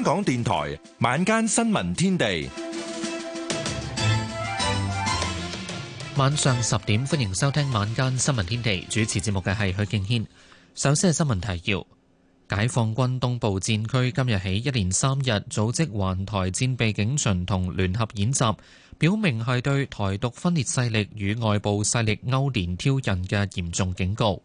香港電台晚間新聞天地，晚上十點歡迎收聽晚間新聞天地。主持節目嘅係許敬軒。首先係新聞提要：解放軍東部戰區今日起一連三日組織環台戰備警巡同聯合演習，表明係對台獨分裂勢力與外部勢力勾連挑釁嘅嚴重警告。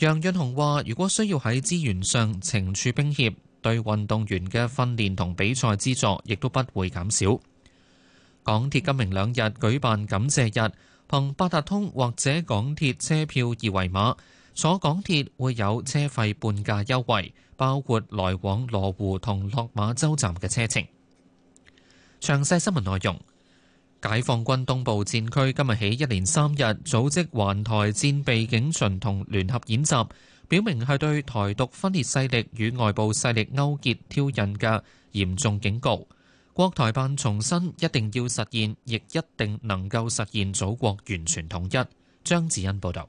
楊潤雄話：如果需要喺資源上懲處兵協。對運動員嘅訓練同比賽資助，亦都不會減少。港鐵今明兩日舉辦感謝日，憑八達通或者港鐵車票二維碼，坐港鐵會有車費半價優惠，包括來往羅湖同落馬洲站嘅車程。詳細新聞內容，解放軍東部戰區今日起一連三日組織環台戰備警巡同聯合演習。表明係對台獨分裂勢力與外部勢力勾結挑釁嘅嚴重警告。國台辦重申，一定要實現，亦一定能夠實現祖國完全統一。張子恩報導。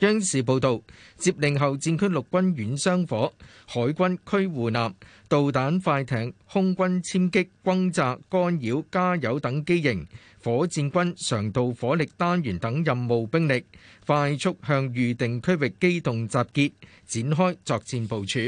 央視報導，接令後，戰區陸軍遠傷火、海軍驅護艦、導彈快艇、空軍殲擊轟炸、干擾加油等機型、火箭軍常導火力單元等任務兵力，快速向預定區域機動集結，展開作戰部署。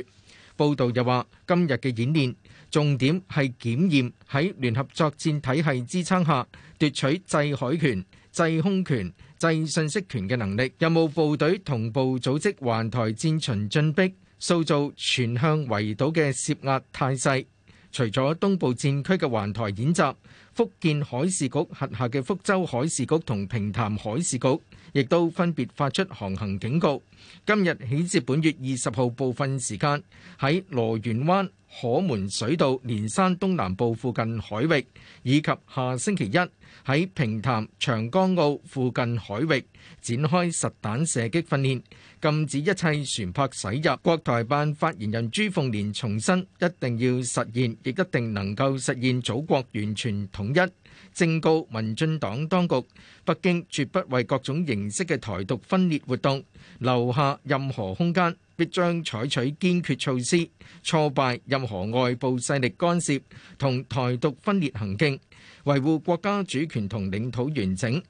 報導又話，今日嘅演練重點係檢驗喺聯合作戰體系支撐下奪取制海權、制空權。制信息權嘅能力，任務部隊同步組織環台戰巡進逼，塑造全向圍島嘅施壓態勢。除咗東部戰區嘅環台演習，福建海事局轄下嘅福州海事局同平潭海事局，亦都分別發出航行警告。今日起至本月二十號部分時間，喺羅源灣。可門水道、連山東南部附近海域，以及下星期一喺平潭長江澳附近海域展開實彈射擊訓練，禁止一切船舶駛入。國台辦發言人朱鳳蓮重申，一定要實現，亦一定能夠實現祖國完全統一，正告民進黨當局，北京絕不為各種形式嘅台獨分裂活動留下任何空間。必將採取堅決措施挫敗任何外部勢力干涉同台獨分裂行徑，維護國家主權同領土完整。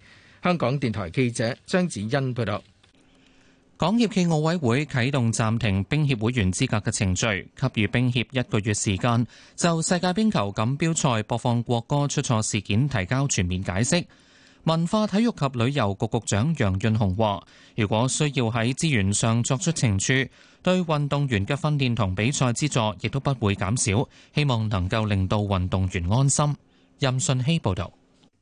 香港電台記者張子欣報道。港協暨奧委會啟動暫停冰協會員資格嘅程序，給予冰協一個月時間就世界冰球錦標賽播放國歌出錯事件提交全面解釋。文化體育及旅遊局局長楊潤雄話，如果需要喺資源上作出懲處，對運動員嘅訓練同比賽資助亦都不會減少，希望能夠令到運動員安心。任信希報導。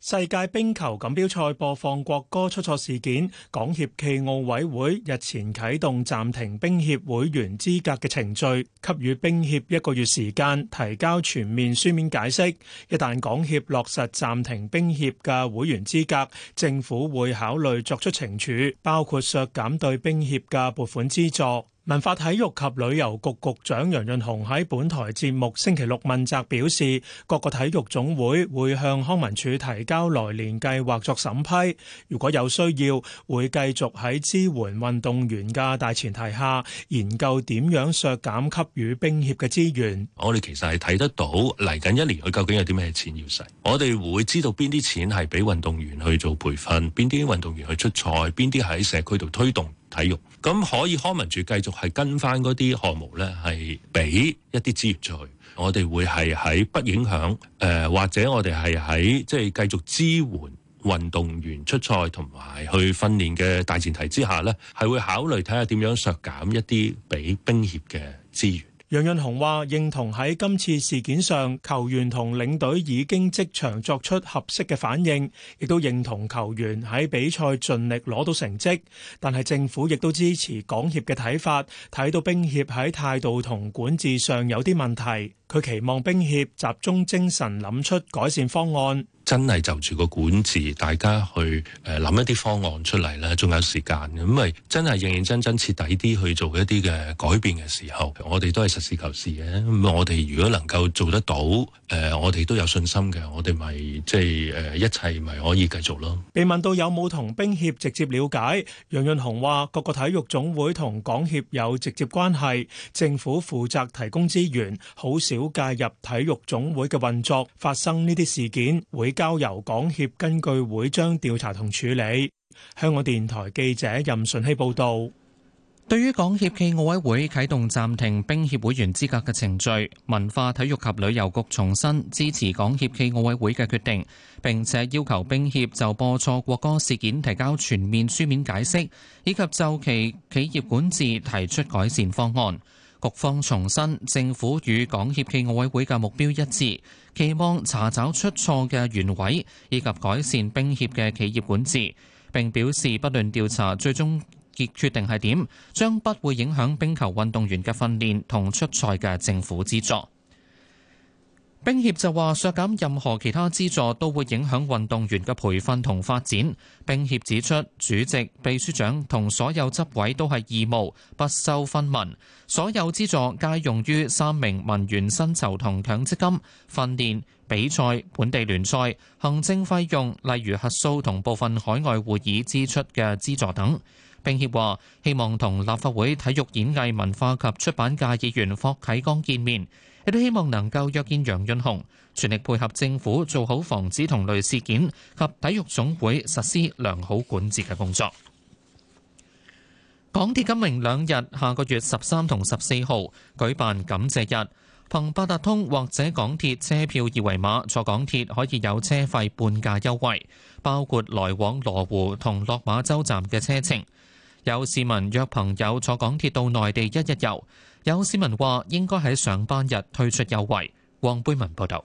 世界冰球錦標賽播放國歌出錯事件，港協暨奧委會日前啟動暫停冰協會員資格嘅程序，給予冰協一個月時間提交全面書面解釋。一旦港協落實暫停冰協嘅會員資格，政府會考慮作出懲處，包括削減對冰協嘅撥款資助。文化體育及旅遊局局長楊潤雄喺本台節目星期六問責表示，各個體育總會會向康文署提交來年計劃作審批，如果有需要，會繼續喺支援運動員嘅大前提下，研究點樣削減給予冰協嘅資源。我哋其實係睇得到嚟緊一年佢究竟有啲咩錢要使，我哋會知道邊啲錢係俾運動員去做培訓，邊啲運動員去出賽，邊啲喺社區度推動。體育咁可以，康文署繼續係跟翻嗰啲項目呢，係俾一啲資源出去。我哋會係喺不影響誒、呃，或者我哋係喺即係繼續支援運動員出賽同埋去訓練嘅大前提之下呢，係會考慮睇下點樣削減一啲俾冰協嘅資源。楊潤雄話認同喺今次事件上，球員同領隊已經即場作出合適嘅反應，亦都認同球員喺比賽盡力攞到成績。但係政府亦都支持港協嘅睇法，睇到冰協喺態度同管治上有啲問題，佢期望冰協集中精神諗出改善方案。真係就住個管治大家去誒諗、呃、一啲方案出嚟咧，仲有時間，咁咪真係認認真真徹底啲去做一啲嘅改變嘅時候，我哋都係實事求是嘅。咁、嗯、我哋如果能夠做得到，誒、呃，我哋都有信心嘅。我哋咪即係誒一切咪可以繼續咯。被問到有冇同冰協直接了解，楊潤雄話各個體育總會同港協有直接關係，政府負責提供資源，好少介入體育總會嘅運作。發生呢啲事件會，交由港協根據會章調查同處理。香港電台記者任順熙報道，對於港協暨奧委會啟動暫停冰協會員資格嘅程序，文化體育及旅遊局重申支持港協暨奧委會嘅決定，並且要求冰協就播錯國歌事件提交全面書面解釋，以及就其企業管治提出改善方案。局方重申，政府與港協暨奧委會嘅目標一致，期望查找出錯嘅原委，以及改善冰協嘅企業管治。並表示不論調查，最終結決定係點，將不會影響冰球運動員嘅訓練同出賽嘅政府資助。兵協就話削減任何其他資助都會影響運動員嘅培訓同發展。兵協指出，主席、秘書長同所有執委都係義務，不收分文。所有資助皆用於三名文員薪酬同強積金、訓練、比賽、本地聯賽、行政費用，例如核數同部分海外會議支出嘅資助等。兵協話希望同立法會體育、演藝、文化及出版界議員霍啟剛見面。亦都希望能夠約見楊潤雄，全力配合政府做好防止同類事件及體育總會實施良好管治嘅工作。港鐵今明兩日下個月十三同十四號舉辦感謝日，憑八達通或者港鐵車票二維碼坐港鐵可以有車費半價優惠，包括來往羅湖同落馬洲站嘅車程。有市民約朋友坐港鐵到內地一日遊。有市民話：應該喺上班日推出優惠。黃貝文報導。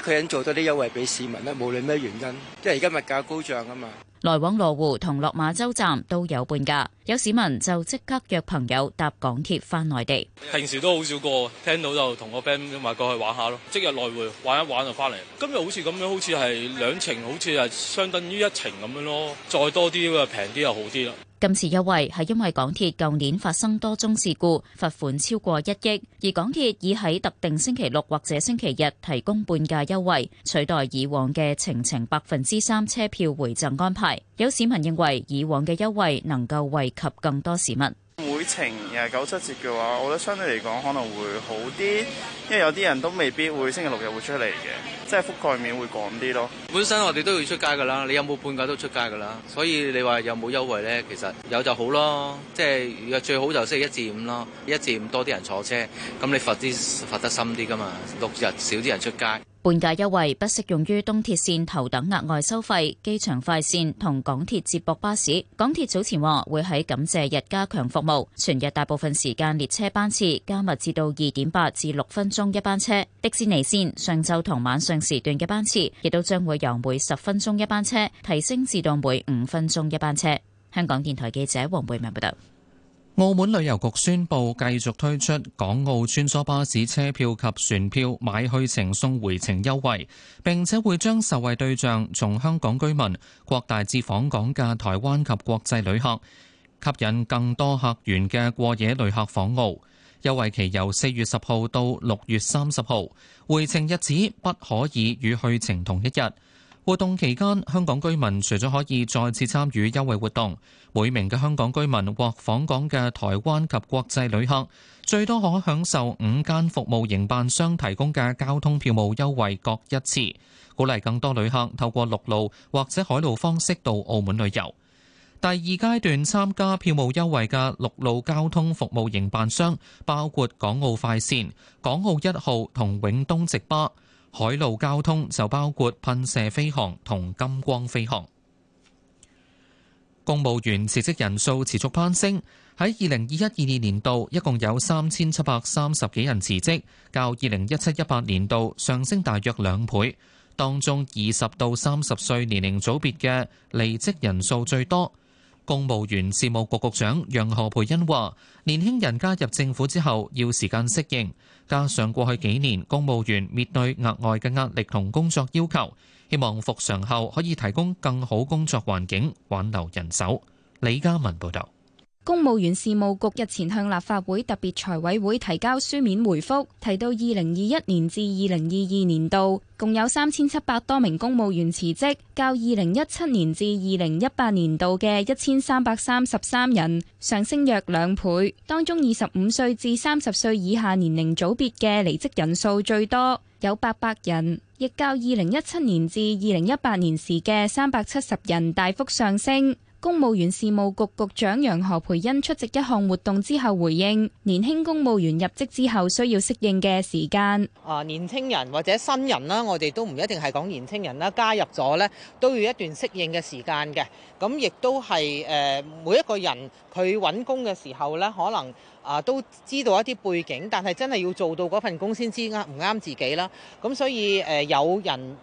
佢肯做多啲優惠俾市民咧，無論咩原因，即係而家物價高漲啊嘛。來往羅湖同落馬洲站都有半價，有市民就即刻約朋友搭港鐵翻內地。平時都好少過，聽到就同個 friend 話過去玩下咯。即日來回玩一玩就翻嚟。今日好似咁樣，好似係兩程，好似係相等於一程咁樣咯。再多啲嘅平啲又好啲啦。今次優惠係因為港鐵舊年發生多宗事故，罰款超過一億，而港鐵已喺特定星期六或者星期日提供半價優惠，取代以往嘅程程百分之三車票回贈安排。有市民認為以往嘅優惠能夠惠及更多市民。情又係九七折嘅話，我覺得相對嚟講可能會好啲，因為有啲人都未必會星期六日會出嚟嘅，即係覆蓋面會廣啲咯。本身我哋都要出街㗎喇，你有冇半價都出街㗎喇，所以你話有冇優惠咧？其實有就好咯，即係如果最好就星期一至五咯，一至五多啲人坐車，咁你罰啲罰得深啲㗎嘛，六日少啲人出街。半價優惠不適用於東鐵綫頭等額外收費、機場快綫同港鐵接駁巴士。港鐵早前話會喺感謝日加強服務，全日大部分時間列車班次加密至到二點八至六分鐘一班車。迪士尼綫上晝同晚上時段嘅班次亦都將會由每十分鐘一班車提升至到每五分鐘一班車。香港電台記者黃貝明報道。澳門旅遊局宣布繼續推出港澳穿梭巴士車票及船票買去程送回程優惠，並且會將受惠對象從香港居民擴大至訪港嘅台灣及國際旅客，吸引更多客源嘅過夜旅客訪澳。優惠期由四月十號到六月三十號，回程日子不可以與去程同一日。活動期間，香港居民除咗可以再次參與優惠活動，每名嘅香港居民或訪港嘅台灣及國際旅客最多可享受五間服務營辦商提供嘅交通票務優惠各一次，鼓勵更多旅客透過陸路或者海路方式到澳門旅遊。第二階段參加票務優惠嘅陸路交通服務營辦商包括港澳快線、港澳一號同永東直巴。海路交通就包括噴射飛航同金光飛航。公務員辭職人數持續攀升，喺二零二一二二年度一共有三千七百三十幾人辭職，較二零一七一八年度上升大約兩倍。當中二十到三十歲年齡組別嘅離職人數最多。公務員事務局局局長楊何蓓茵話：年輕人加入政府之後要時間適應。加上過去幾年公務員面對額外嘅壓力同工作要求，希望復常後可以提供更好工作環境，挽留人手。李嘉文報道。公務員事務局日前向立法會特別財委會提交書面回覆，提到二零二一年至二零二二年度共有三千七百多名公務員辭職，較二零一七年至二零一八年度嘅一千三百三十三人上升約兩倍。當中二十五歲至三十歲以下年齡組別嘅離職人數最多，有八百人，亦較二零一七年至二零一八年時嘅三百七十人大幅上升。公務員事務局局長楊何培恩出席一項活動之後回應：年輕公務員入職之後需要適應嘅時間。啊，年輕人或者新人啦，我哋都唔一定係講年輕人啦，加入咗呢都要一段適應嘅時間嘅。咁、嗯、亦都係誒、呃，每一個人佢揾工嘅時候呢，可能啊、呃、都知道一啲背景，但係真係要做到嗰份工先知啱唔啱自己啦。咁、嗯、所以誒、呃，有人。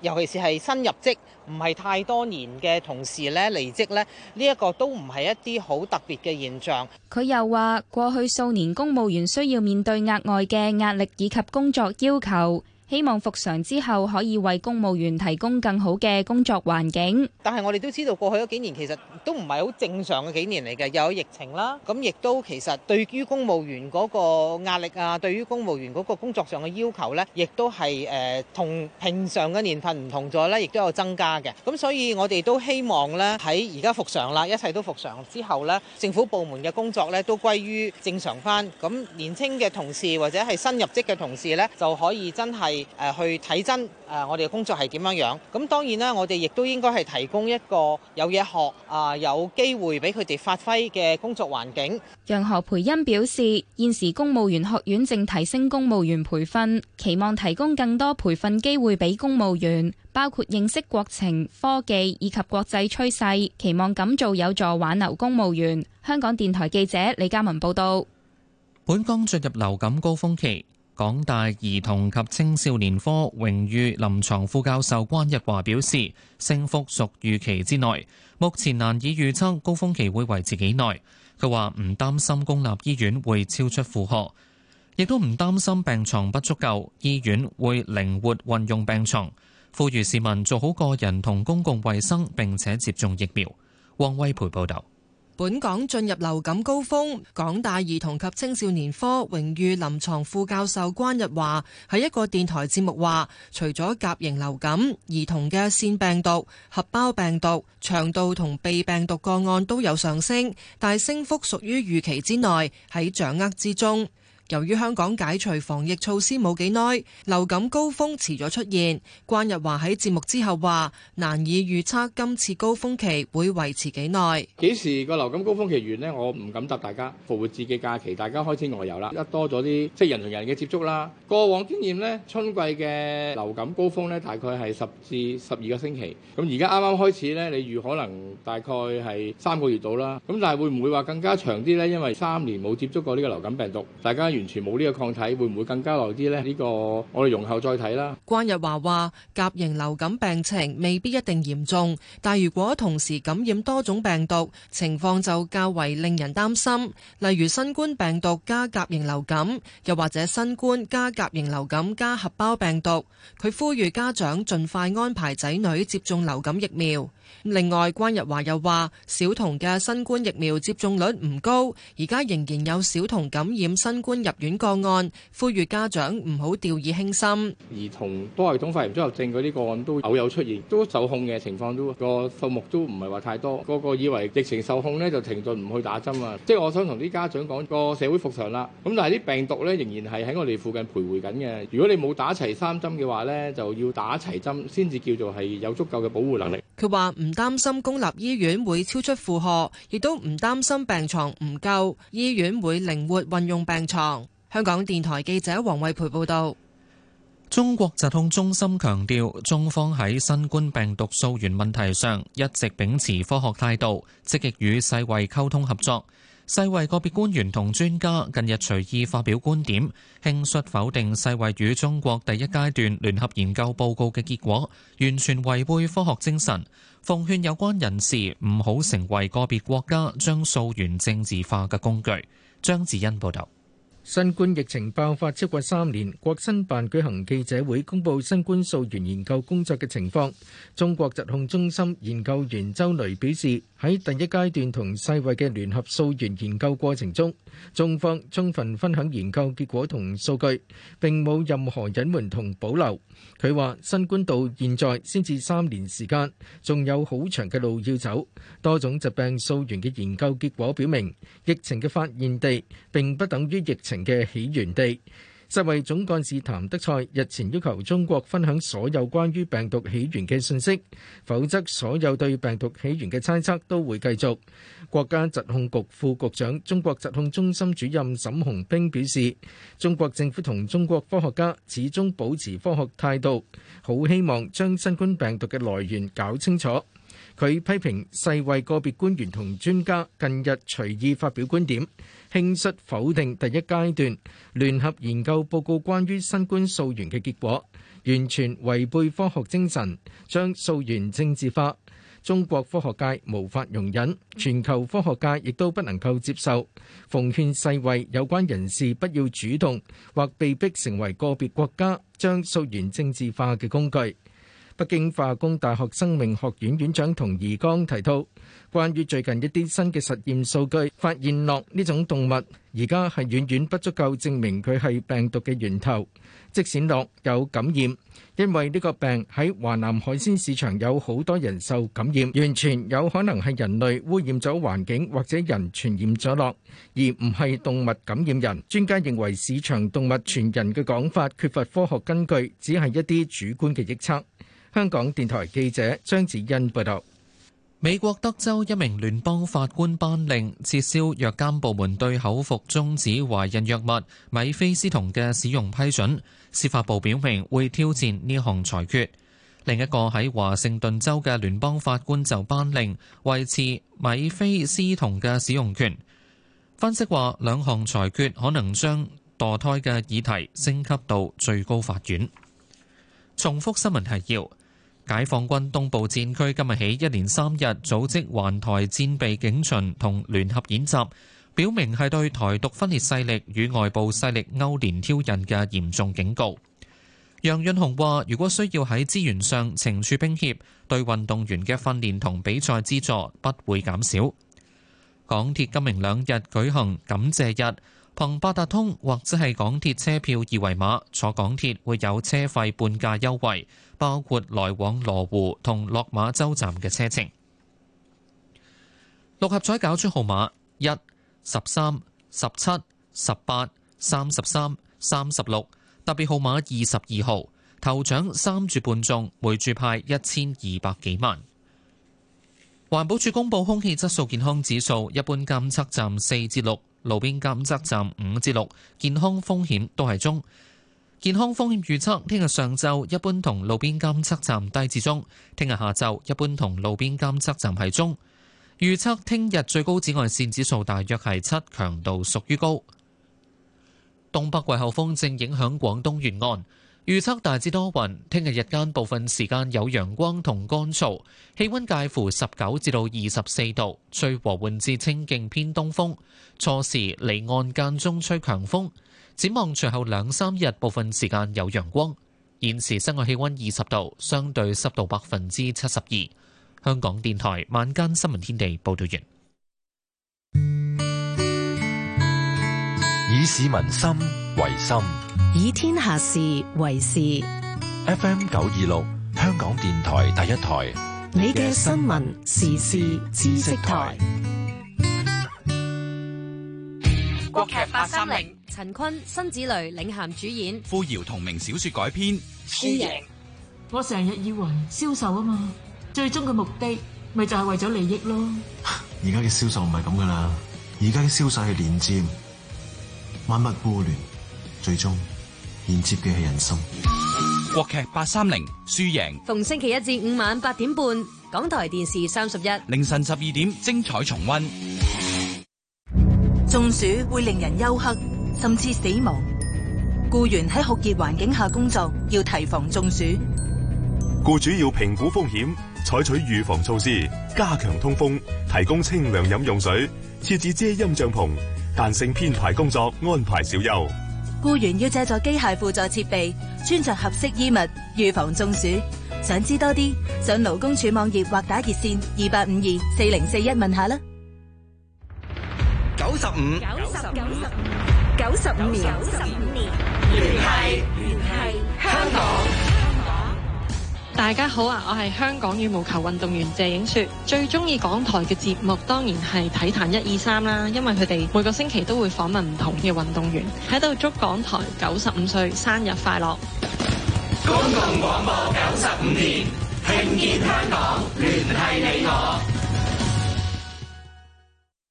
尤其是係新入職唔係太多年嘅同事咧，離職咧，呢一個都唔係一啲好特別嘅現象。佢又話，過去數年公務員需要面對額外嘅壓力以及工作要求。希望復常之後可以為公務員提供更好嘅工作環境。但係我哋都知道過去嗰幾年其實都唔係好正常嘅幾年嚟嘅，又有疫情啦，咁亦都其實對於公務員嗰個壓力啊，對於公務員嗰個工作上嘅要求呢，亦都係誒同平常嘅年份唔同咗咧，亦都有增加嘅。咁所以我哋都希望呢，喺而家復常啦，一切都復常之後呢，政府部門嘅工作呢都歸於正常翻。咁年輕嘅同事或者係新入職嘅同事呢，就可以真係。誒去睇真誒，我哋嘅工作係點樣樣，咁當然啦，我哋亦都應該，係提供一個有嘢學啊，有機會俾佢哋發揮嘅工作環境。楊何培恩表示，現時公務員學院正提升公務員培訓，期望提供更多培訓機會俾公務員，包括認識國情、科技以及國際趨勢，期望咁做有助挽留公務員。香港電台記者李嘉文報道。本港進入流感高峰期。港大兒童及青少年科榮譽臨床副教授關日華表示，升幅屬預期之內，目前難以預測高峰期會維持幾耐。佢話唔擔心公立醫院會超出負荷，亦都唔擔心病床不足夠，醫院會靈活運用病床，呼籲市民做好個人同公共衛生，並且接種疫苗。汪威培報導。本港進入流感高峰，港大兒童及青少年科榮譽臨床副教授關日華喺一個電台節目話：「除咗甲型流感，兒童嘅腺病毒、核胞病毒、腸道同鼻病毒個案都有上升，但升幅屬於預期之內，喺掌握之中。」由於香港解除防疫措施冇幾耐，流感高峰遲咗出現。關日華喺節目之後話：難以預測今次高峰期會維持幾耐。幾時個流感高峰期完呢？我唔敢答大家。復活節嘅假期，大家開始外遊啦，多一多咗啲即係人同人嘅接觸啦。過往經驗呢，春季嘅流感高峰呢，大概係十至十二個星期。咁而家啱啱開始呢，你預可能大概係三個月到啦。咁但係會唔會話更加長啲呢？因為三年冇接觸過呢個流感病毒，大家。完全冇呢個抗體，會唔會更加耐啲呢？呢個我哋容後再睇啦。關日華話：甲型流感病情未必一定嚴重，但如果同時感染多種病毒，情況就較為令人擔心。例如新冠病毒加甲型流感，又或者新冠加甲型流感加核包病毒。佢呼籲家長盡快安排仔女接種流感疫苗。另外，關日華又話：小童嘅新冠疫苗接種率唔高，而家仍然有小童感染新冠入院個案，呼籲家長唔好掉以輕心。兒童多系統發炎綜合症嗰啲個案都偶有出現，都受控嘅情況，都個數目都唔係話太多。個個以為疫情受控咧，就停頓唔去打針啊。即係我想同啲家長講，個社會復常啦。咁但係啲病毒咧仍然係喺我哋附近徘徊緊嘅。如果你冇打齊三針嘅話咧，就要打齊針先至叫做係有足夠嘅保護能力。佢話唔擔心公立醫院會超出負荷，亦都唔擔心病床唔夠，醫院會靈活運用病床。香港電台記者黃惠培報道。中國疾控中心強調，中方喺新冠病毒溯源問題上一直秉持科學態度，積極與世衛溝通合作。世衛個別官員同專家近日隨意發表觀點，輕率否定世衛與中國第一階段聯合研究報告嘅結果，完全違背科學精神。奉勸有關人士唔好成為個別國家將溯源政治化嘅工具。張子欣報道。新冠疫情爆發超過三年，國新辦舉行記者會，公布新冠溯源研究工作嘅情況。中國疾控中心研究員周雷表示。喺第一階段同世衛嘅聯合溯源研究過程中，中方充分分享研究結果同數據，並冇任何隱瞞同保留。佢話：新冠到現在先至三年時間，仲有好長嘅路要走。多種疾病溯源嘅研究結果表明，疫情嘅發現地並不等於疫情嘅起源地。世衛總幹事譚德塞日前要求中國分享所有關於病毒起源嘅信息，否則所有對病毒起源嘅猜測都會繼續。國家疾控局副局長、中國疾控中心主任沈洪兵表示，中國政府同中國科學家始終保持科學態度，好希望將新冠病毒嘅來源搞清楚。佢批評世衛個別官員同專家近日隨意發表觀點，輕率否定第一階段聯合研究報告關於新冠溯源嘅結果，完全違背科學精神，將溯源政治化。中國科學界無法容忍，全球科學界亦都不能夠接受。奉勸世衛有關人士不要主動或被逼成為個別國家將溯源政治化嘅工具。北京化工大學生命學院院長童貽剛提到，關於最近一啲新嘅實驗數據發現，落呢種動物而家係遠遠不足夠證明佢係病毒嘅源頭。即使落有感染，因為呢個病喺華南海鮮市場有好多人受感染，完全有可能係人類污染咗環境或者人傳染咗落，而唔係動物感染人。專家認為市場動物傳人嘅講法缺乏科學根據，只係一啲主觀嘅臆測。香港電台記者張子欣報道：美國德州一名聯邦法官頒令撤銷藥監部門對口服終止懷孕藥物米非司酮嘅使用批准。司法部表明會挑戰呢項裁決。另一個喺華盛頓州嘅聯邦法官就頒令維持米非司酮嘅使用權。分析話，兩項裁決可能將墮胎嘅議題升級到最高法院。重複新聞提要。解放軍東部戰區今日起一連三日組織環台戰備警巡同聯合演習，表明係對台獨分裂勢力與外部勢力勾連挑釁嘅嚴重警告。楊潤雄話，如果需要喺資源上懲處兵協，對運動員嘅訓練同比賽資助不會減少。港鐵今明兩日舉行感謝日。憑八達通或者係港鐵車票二維碼坐港鐵會有車費半價優惠，包括來往羅湖同落馬洲站嘅車程。六合彩搞出號碼一、十三、十七、十八、三十三、三十六，特別號碼二十二號，頭獎三注半中，每注派一千二百幾萬。環保署公布空氣質素健康指數，一般監測站四至六。路邊監測站五至六，健康風險都係中。健康風險預測聽日上晝一般同路邊監測站低至中，聽日下晝一般同路邊監測站係中。預測聽日最高紫外線指數大約係七，強度屬於高。東北季候風正影響廣東沿岸。預測大致多雲，聽日日間部分時間有陽光同乾燥，氣溫介乎十九至到二十四度，吹和緩至清勁偏東風，初時離岸間中吹強風。展望隨後兩三日部分時間有陽光。現時室外氣溫二十度，相對濕度百分之七十二。香港電台晚間新聞天地報道完。以市民心為心。以天下事為事。F. M. 九二六，香港電台第一台，你嘅新聞時事知識台。國劇八三零，陳坤、辛芷蕾領銜主演，傅瑤同名小說改編。輸贏。我成日以為銷售啊嘛，最終嘅目的咪就係為咗利益咯。而家嘅銷售唔係咁噶啦，而家嘅銷售係連接，萬物互聯，最終。連接嘅係人生。國劇八三零輸贏，逢星期一至五晚八點半，港台電視三十一，凌晨十二點精彩重温。中暑會令人休克，甚至死亡。僱員喺酷熱環境下工作，要提防中暑。僱主要評估風險，採取預防措施，加強通風，提供清涼飲用水，設置遮陰帳篷，彈性編排工作安排，小休。僱員要借助機械輔助設備，穿着合適衣物，預防中暑。想知多啲，上勞工處網頁或打熱線二八五二四零四一問下啦。九十五，九十五，九十五年，聯繫聯繫香港。大家好啊！我係香港羽毛球運動員謝影雪，最中意港台嘅節目當然係《體壇一二三》啦，因為佢哋每個星期都會訪問唔同嘅運動員，喺度祝港台九十五歲生日快樂！公共廣播九十五年，聽見香港，聯繫你我。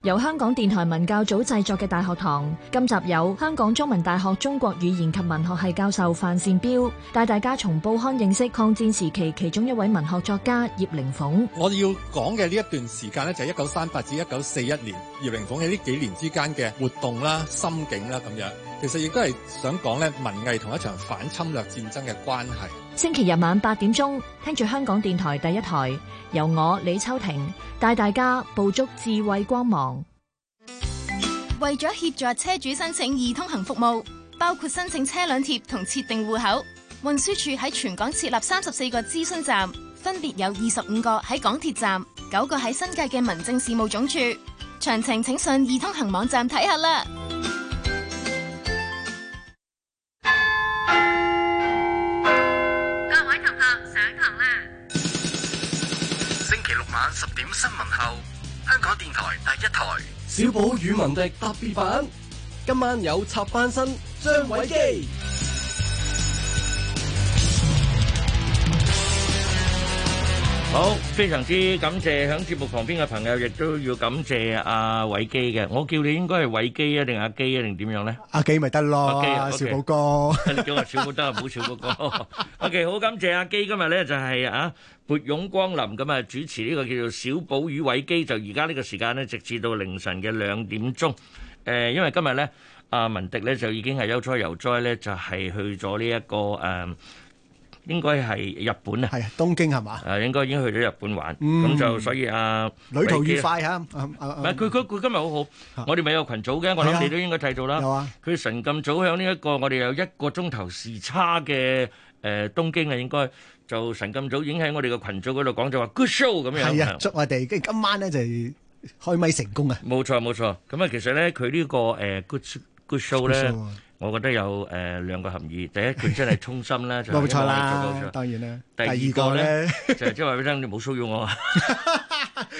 由香港電台文教組製作嘅《大學堂》今集有香港中文大學中國語言及文學系教授范善標帶大家從報刊認識抗戰時期其中一位文學作家葉靈鳳。我要講嘅呢一段時間呢，就係一九三八至一九四一年。葉明鳳喺呢幾年之間嘅活動啦、心境啦，咁樣其實亦都係想講咧，文藝同一場反侵略戰爭嘅關係。星期日晚八點鐘，聽住香港電台第一台，由我李秋婷帶大家捕捉智慧光芒。為咗協助車主申請易通行服務，包括申請車輛貼同設定戶口，運輸處喺全港設立三十四個諮詢站，分別有二十五個喺港鐵站，九個喺新界嘅民政事務總署。詳情請上易通行網站睇下啦。各位同學上堂啦。星期六晚十點新聞後，香港電台第一台小寶與文迪特別版，今晚有插班生張偉基。好。非常之感謝響節目旁邊嘅朋友，亦都要感謝阿偉基嘅。我叫你應該係偉基啊，定阿基啊，定點樣咧？阿基咪得咯，小寶哥。你叫阿小寶得啊，唔好小寶哥。OK，好感謝阿基今日咧就係啊，撥冗光臨咁啊主持呢個叫做小寶與偉基。就而家呢個時間咧，直至到凌晨嘅兩點鐘。誒，因為今日咧，阿文迪咧就已經係悠哉悠哉咧，就係去咗呢一個誒。應該係日本啊，係啊，東京係嘛？誒，應該已經去咗日本玩，咁就所以啊，旅途愉快嚇。唔係佢佢佢今日好好，我哋咪有羣組嘅，我諗你都應該睇到啦。係啊，佢神咁早喺呢一個，我哋有一個鐘頭時差嘅誒東京啊，應該就神咁早已經喺我哋嘅羣組嗰度講就話 good show，咁樣。係啊，祝我哋跟住今晚咧就係開咪成功啊！冇錯冇錯，咁啊其實咧佢呢個誒 good good show 咧。我覺得有誒兩個含義，第一佢真係衷心啦，冇錯啦，當然啦。第二個咧就係即係話俾你聽，你唔好冇騷擾我，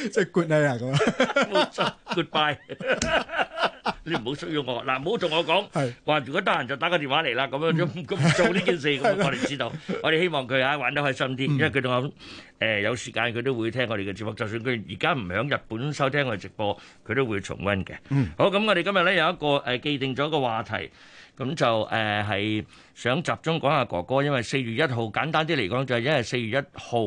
即係 good 啊咁，冇錯，goodbye 你唔好騷擾我，嗱，唔好同我講。係。話如果得閒就打個電話嚟啦，咁樣都唔做呢件事，咁我哋知道。我哋希望佢啊玩得開心啲，因為佢仲有誒有時間，佢都會聽我哋嘅節目。就算佢而家唔響日本收聽我哋直播，佢都會重溫嘅。好，咁我哋今日咧有一個誒既定咗個話題。咁就誒係、呃、想集中講下哥哥，因為四月一號，簡單啲嚟講就係因為四月一號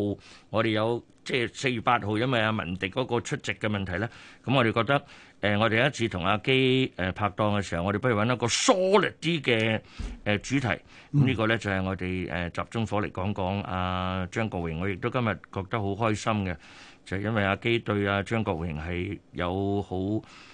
我哋有，即係四月八號，因為阿文迪嗰個出席嘅問題咧，咁我哋覺得誒、呃、我哋一次同阿基誒拍檔嘅時候，我哋不如搵一個 solid 啲嘅誒主題，咁呢個咧就係我哋誒集中火嚟講講阿、啊、張國榮。我亦都今日覺得好開心嘅，就係、是、因為阿基對阿張國榮係有好。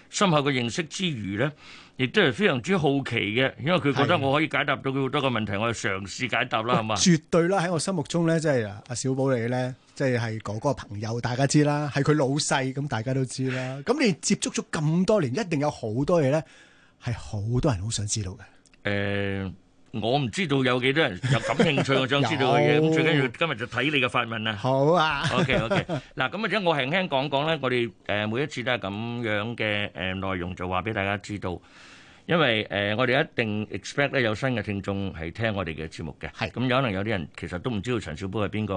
深刻嘅認識之餘呢，亦都係非常之好奇嘅，因為佢覺得我可以解答到佢好多個問題，的我係嘗試解答啦，係嘛？絕對啦！喺我心目中呢，即係啊小寶嚟呢，即係係哥哥嘅朋友，大家知啦，係佢老細，咁大家都知啦。咁你接觸咗咁多年，一定有好多嘢呢，係好多人好想知道嘅。誒。欸我唔知道有幾多人有感興趣，我想知道嘅嘢。咁最緊要今日就睇你嘅發問啦。好啊。OK OK。嗱，咁啊，即係我輕輕講講咧，我哋誒每一次都係咁樣嘅誒內容，就話俾大家知道。因為誒，我哋一定 expect 咧有新嘅聽眾係聽我哋嘅節目嘅。係。咁有可能有啲人其實都唔知道陳小波係邊個。